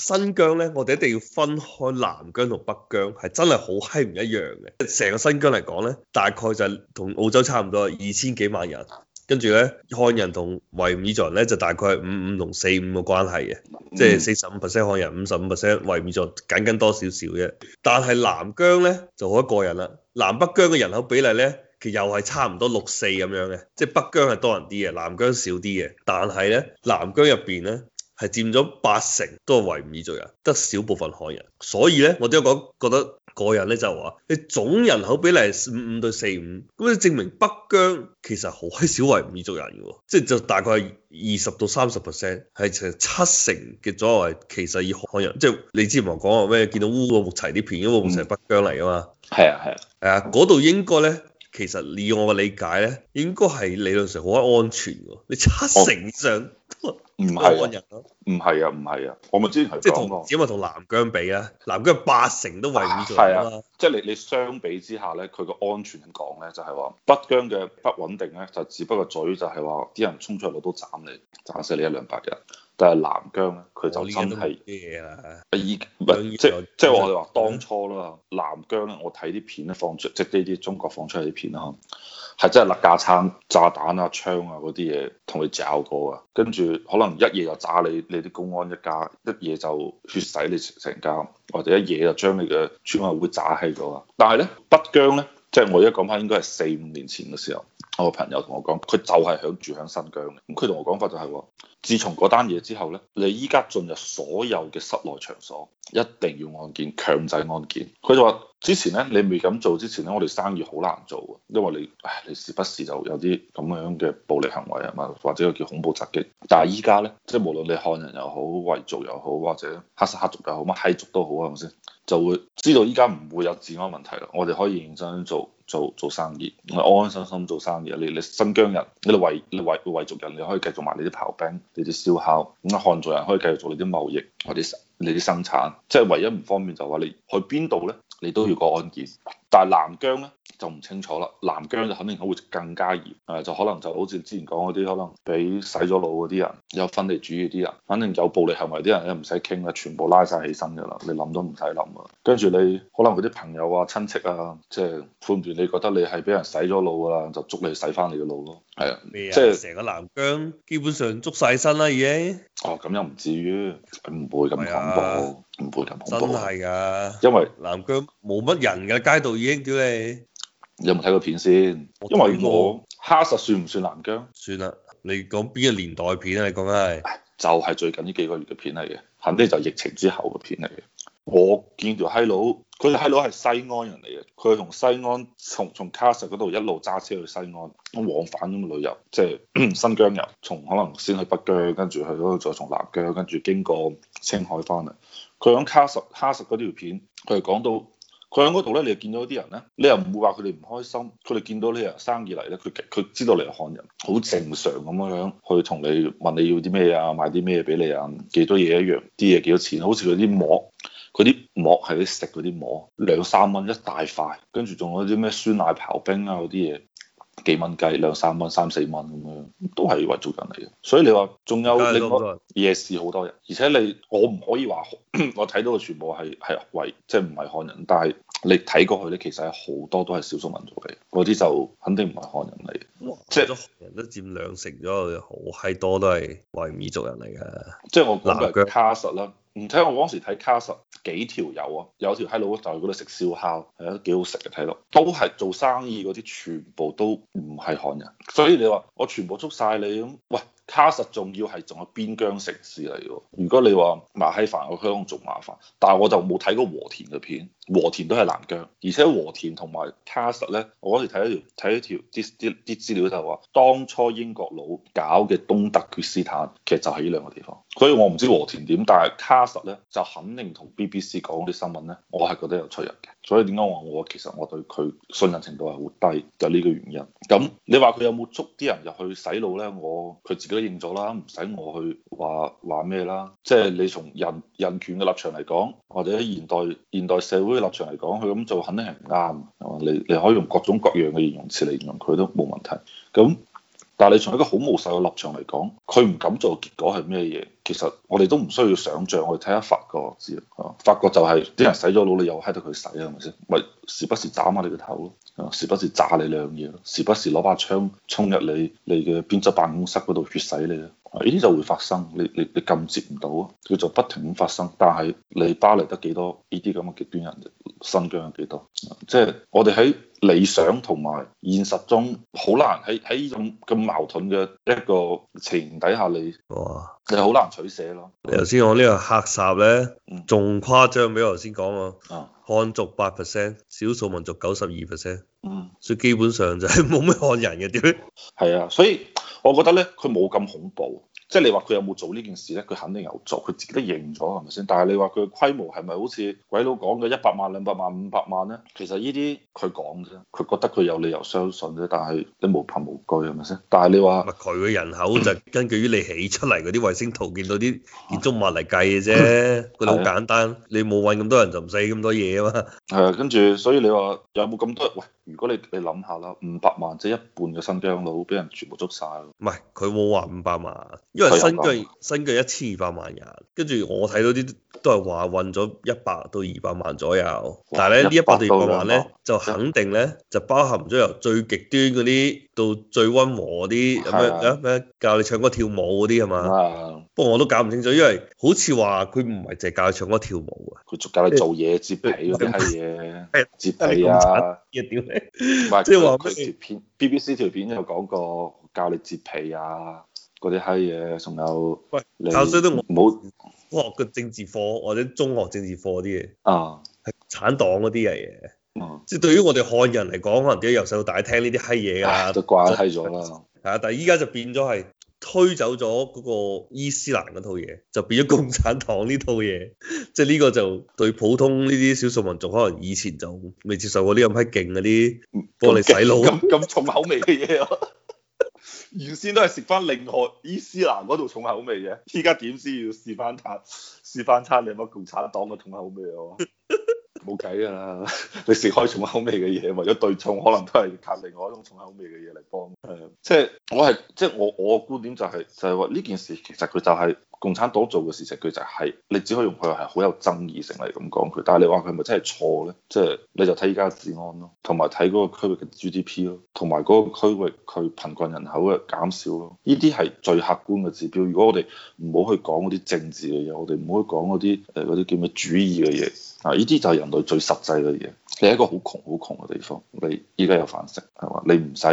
新疆咧，我哋一定要分開南疆同北疆，係真係好閪唔一樣嘅。成個新疆嚟講咧，大概就係同澳洲差唔多，二千幾萬人。跟住咧，漢人同維吾爾族人咧，就大概係五五同四五個關係嘅，即係四十五 percent 漢人，五十五 percent 維吾爾族，僅僅多少少嘅啫。但係南疆咧就好過癮啦。南北疆嘅人口比例咧，其實又係差唔多六四咁樣嘅，即係北疆係多人啲嘅，南疆少啲嘅。但係咧，南疆入邊咧。係佔咗八成都係維吾爾族人，得少部分漢人。所以咧，我都有講覺得個人咧就話、是，你總人口比例係五五對四五，咁你證明北疆其實好少維吾爾族人嘅，即、就、係、是、就大概係二十到三十 percent 係成七成嘅左右其實以漢人。即、就、係、是、你之前話講話咩，見到烏魯木齊啲片，因為烏魯木齊係北疆嚟啊嘛。係啊係啊，係啊，嗰度、啊、應該咧，其實以我嘅理解咧，應該係理論上好安全嘅。你七成上、哦。唔係安人咯，唔係啊唔係啊,啊，我咪之前即係同只話同南疆比啊，南疆八成都維吾爾啦，即係你你相比之下咧，佢個安全性講咧就係話北疆嘅不穩定咧就只不過嘴就係話啲人衝出嚟都斬你，斬死你一兩百人。但係南疆咧，佢就真係，嘢啦嚇。以唔係即係要即係我哋話、啊、當初啦，南疆咧，我睇啲片咧放出，即係呢啲中國放出嚟啲片啦，係真係揦架撐、炸彈啊、槍啊嗰啲嘢同佢炸過啊，跟住可能一夜就炸你你啲公安一家，一夜就血洗你成家，或者一夜就將你嘅村委會炸起咗啊。但係咧，北疆咧，即係我而家講翻應該係四五年前嘅時候。我朋友同我講，佢就係響住響新疆嘅。咁佢同我講法就係話：自從嗰單嘢之後呢，你依家進入所有嘅室內場所，一定要安檢，強制安檢。佢就話：之前呢，你未咁做之前呢，我哋生意好難做啊，因為你你時不時就有啲咁樣嘅暴力行為啊，嘛，或者叫恐怖襲擊。但係依家呢，即係無論你漢人又好，維族又好，或者哈薩克族又好，乜閪族都好啊，係咪先？就會知道依家唔會有治安問題啦，我哋可以認真做。做做生意，安安心心做生意。你你新疆人，你維你維維族人，你可以繼續賣你啲刨冰，你啲燒烤。咁啊，漢族人可以繼續做你啲貿易，或者你啲生產。即係唯一唔方便就係話你去邊度咧，你都要過安檢。但係南疆咧就唔清楚啦，南疆就肯定可能會更加嚴，誒就可能就好似之前講嗰啲，可能俾洗咗腦嗰啲人，有分離主義啲人，反正有暴力行為啲人咧唔使傾啦，全部拉晒起身㗎啦，你諗都唔使諗啊。跟住你可能佢啲朋友啊、親戚啊，即係判斷你覺得你係俾人洗咗腦啊，就捉你洗翻你嘅腦咯。係啊即，即係成個南疆基本上捉晒身啦已經。哦，咁又唔至於，唔會咁恐怖，唔會咁恐怖，啊。真係㗎。因為南疆冇乜人嘅街道。已經叫你有冇睇過片先？因為我喀什算唔算南疆？算啦，你講邊個年代片啊？你講緊係就係最近呢幾個月嘅片嚟嘅，肯定就疫情之後嘅片嚟嘅。我見條閪佬，佢條閪佬係西安人嚟嘅，佢係從西安從從喀什嗰度一路揸車去西安，往返咁旅遊，即係 新疆遊。從可能先去北疆，跟住去嗰度，再從南疆，跟住經過青海翻嚟。佢喺喀什，喀什嗰條片，佢係講到。佢喺嗰度咧，你就見到啲人咧，你又唔會話佢哋唔開心。佢哋見到呢啊生意嚟咧，佢佢知道你係漢人，好正常咁樣去同你問你要啲咩啊，買啲咩俾你啊，幾多嘢一樣，啲嘢幾多錢？好似嗰啲膜，嗰啲膜係啲食嗰啲膜，兩三蚊一大塊，跟住仲有啲咩酸奶刨冰啊嗰啲嘢。幾蚊雞，兩三蚊、三、三四蚊咁樣，都係維族人嚟嘅。所以你話仲有你講夜市好多人，而且你我唔可以話我睇到嘅全部係係維即係唔係漢人，但係你睇過去咧，其實係好多都係少數民族嚟，嗰啲就肯定唔係漢人嚟，即係人都佔兩成咗，好閪多都係維吾爾族人嚟嘅，即係我講嘅卡實啦。唔睇我嗰時睇卡實。幾條友啊，有條閪佬就喺嗰度食燒烤，係啊，幾好食嘅睇落，都係做生意嗰啲全部都唔係漢人，所以你話我全部捉晒你咁，喂！卡什仲要係仲係邊疆城市嚟喎，如果你話麻煩，我香港仲麻煩，但係我就冇睇過和田嘅片，和田都係南疆，而且和田同埋卡什咧，我嗰時睇一條睇一條啲啲啲資料就話，當初英國佬搞嘅東突厥斯坦其實就喺呢兩個地方，所以我唔知和田點，但係卡什咧就肯定同 BBC 講啲新聞咧，我係覺得有出入嘅。所以點解我話我其實我對佢信任程度係好低，就係呢個原因。咁你話佢有冇捉啲人入去洗腦咧？我佢自己都認咗啦，唔使我去話話咩啦。即係你從人人權嘅立場嚟講，或者現代現代社會嘅立場嚟講，佢咁做肯定係唔啱。係嘛？你你可以用各種各樣嘅形容詞嚟形容佢都冇問題。咁。但係你從一個好務實嘅立場嚟講，佢唔敢做，結果係咩嘢？其實我哋都唔需要想像，我哋睇下法國知啦，法國就係啲人洗咗腦，你又喺度佢洗，啊，係咪先？咪時不時斬下你個頭咯，時不時炸你兩嘢咯，時不時攞把槍衝入你你嘅編輯辦公室嗰度血洗你啊！呢啲就會發生，你你你禁止唔到，佢就不停咁發生。但係你巴黎得幾多呢啲咁嘅極端人？新疆有幾多？即係我哋喺理想同埋現實中，好難喺喺呢種咁矛盾嘅一個情底下，你哇，你好難取捨咯哇。你頭先講呢個黑紮咧，仲、嗯、誇張比頭先講啊。漢族八 percent，少數民族九十二 percent。嗯，所以基本上就係冇咩漢人嘅，點樣？係啊，所以我覺得咧，佢冇咁恐怖。即係你話佢有冇做呢件事咧？佢肯定有做，佢自己都認咗，係咪先？但係你話佢嘅規模係咪好似鬼佬講嘅一百萬、兩百萬、五百萬咧？其實呢啲佢講嘅啫，佢覺得佢有理由相信啫。但係你無憑無據係咪先？但係你話，佢嘅人口就根據於你起出嚟嗰啲衛星圖見、嗯、到啲建築物嚟計嘅啫，佢好、啊、簡單。的你冇揾咁多人就唔使咁多嘢啊嘛。係啊，跟住所以你話有冇咁多人？喂，如果你你諗下啦，五百萬即係、就是、一半嘅新疆佬俾人全部捉晒咯。唔係佢冇話五百萬。因為新疆的新疆一千二百萬人，跟住我睇到啲都係話運咗一百到二百萬左右，但係咧呢一百到二百萬咧就肯定咧就包含咗由最極端嗰啲到最溫和嗰啲咁樣，咩咩教你唱歌跳舞嗰啲係嘛？不過我都搞唔清楚，因為好似話佢唔係淨係教你唱歌跳舞啊，佢仲教你做嘢、接皮嗰批嘢，接皮啊，啊屌你！唔係佢片，B B C 條片有講過教你接皮啊。嗰啲閪嘢，仲有你喂，教衰都冇唔別學嘅政治課或者中學政治課啲嘢啊，產黨嗰啲嚟嘅，即係、啊、對於我哋漢人嚟講，可能啲由細到大聽呢啲閪嘢啊，都慣咗啦。係啊就，但係依家就變咗係推走咗嗰個伊斯蘭嗰套嘢，就變咗共產黨呢套嘢。即係呢個就對普通呢啲少數民族，可能以前就未接受過呢咁閪勁嗰啲，幫你洗腦咁咁重口味嘅嘢 原先都係食翻另外伊斯蘭嗰度重口味嘅，依家點先要試翻餐試翻餐你有乜共產黨嘅重口味啊？冇計㗎啦，你食開重口味嘅嘢，為咗對沖，可能都係靠另外一種重口味嘅嘢嚟幫。係， 即係我係即係我我個觀點就係、是、就係話呢件事其實佢就係、是。共產黨做嘅事情，佢就係、是、你只可以用佢係好有爭議性嚟咁講佢，但係你話佢咪真係錯咧？即、就、係、是、你就睇依家治安咯，同埋睇嗰個區域嘅 GDP 咯，同埋嗰個區域佢貧困人口嘅減少咯，呢啲係最客觀嘅指標。如果我哋唔好去講嗰啲政治嘅嘢，我哋唔好去講嗰啲誒啲叫咩主義嘅嘢啊，呢啲就係人類最實際嘅嘢。你係一個好窮好窮嘅地方，你依家有飯食係嘛？你唔使，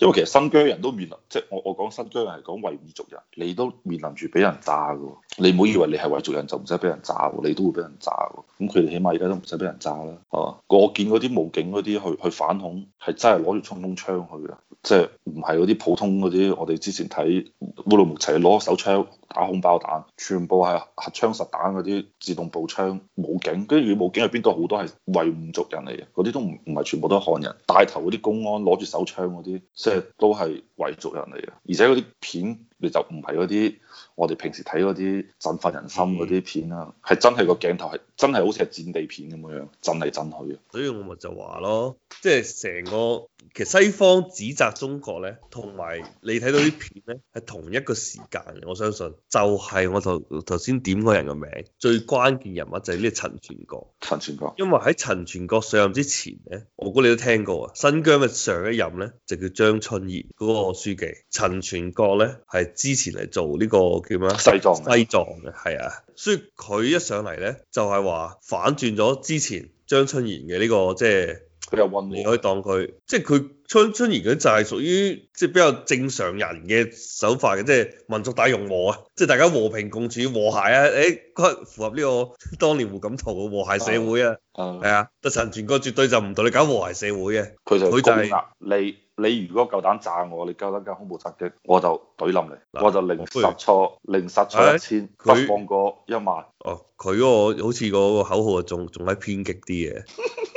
因為其實新疆人都面臨，即係我我講新疆人係講維吾族人，你都面臨住俾人打。炸嘅，你唔好以為你係維族人就唔使俾人炸，你都會俾人炸。咁佢哋起碼而家都唔使俾人炸啦。啊，我見嗰啲武警嗰啲去去反恐係真係攞住衝鋒槍去㗎。即係唔係嗰啲普通嗰啲？我哋之前睇烏魯木齊攞手槍打空包彈，全部係荷槍實彈嗰啲自動步槍武警，跟住武警入邊都好多係維吾族人嚟嘅，嗰啲都唔唔係全部都係漢人，帶頭嗰啲公安攞住手槍嗰啲，即係都係維族人嚟嘅，而且嗰啲片你就唔係嗰啲我哋平時睇嗰啲振奮人心嗰啲片啦，係的真係個鏡頭係真係好似係戰地片咁樣樣震嚟震去。所以我咪就話咯，即係成個。其實西方指責中國咧，同埋你睇到啲片咧，係同一個時間嘅。我相信就係、是、我頭頭先點嗰人嘅名，最關鍵人物就係呢個陳全國。陳全國，因為喺陳全國上任之前咧，我估你都聽過啊。新疆嘅上一任咧就叫張春賢嗰個書記，陳全國咧係之前嚟做呢、這個叫咩啊？西藏嘅，西藏嘅係啊，所以佢一上嚟咧就係、是、話反轉咗之前張春賢嘅呢個即係。就是佢又運你，可以當佢即係佢春春，而佢就係屬於即係比較正常人嘅手法嘅，即係民族大融合啊！即係大家和平共處、和諧啊！誒，佢符合呢個當年胡錦濤嘅和諧社會啊，係啊！得、啊、陳全國絕對就唔同你搞和諧社會嘅，佢就，就攻壓你。你如果夠膽炸我，你夠膽搞恐怖襲擊，我就懟冧你，我就零失錯，零失錯一千、啊，佢放過一萬。哦、啊，佢嗰個好似嗰個口號仲仲係偏激啲嘅。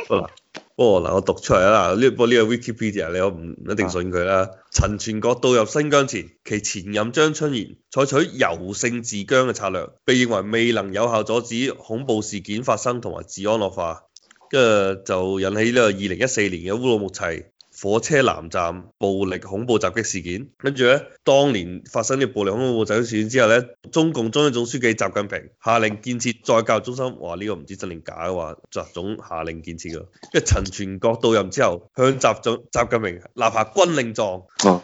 得啦。哦嗱，我讀出嚟啦、這個這個，不過呢個 Wikipedia，你我唔一定信佢啦。啊、陳全國到入新疆前，其前任張春賢採取柔性治疆嘅策略，被認為未能有效阻止恐怖事件發生同埋治安惡化，跟住就引起呢個二零一四年嘅烏魯木齊火車南站暴力恐怖襲擊事件，跟住咧，當年發生呢暴力恐怖襲擊事件之後咧，中共中央總書記習近平下令建設再教育中心，話呢個唔知真定假嘅話，習總下令建設嘅。跟住陳全國到任之後，向習總、習近平立下軍令狀，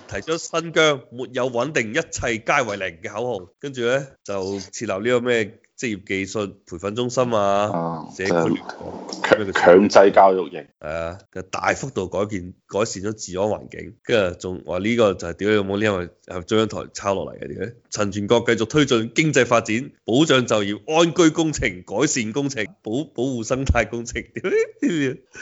提出新疆沒有穩定，一切皆為零嘅口號，跟住咧就設立呢個咩？職業技術培訓中心啊，就強、強、制教育型，係、啊、大幅度改變改善咗治安環境，跟住仲話呢個就係、是、屌，有冇呢樣？中央台抄落嚟嘅，陳全國繼續推進經濟發展，保障就業安居工程、改善工程、保保護生態工程，屌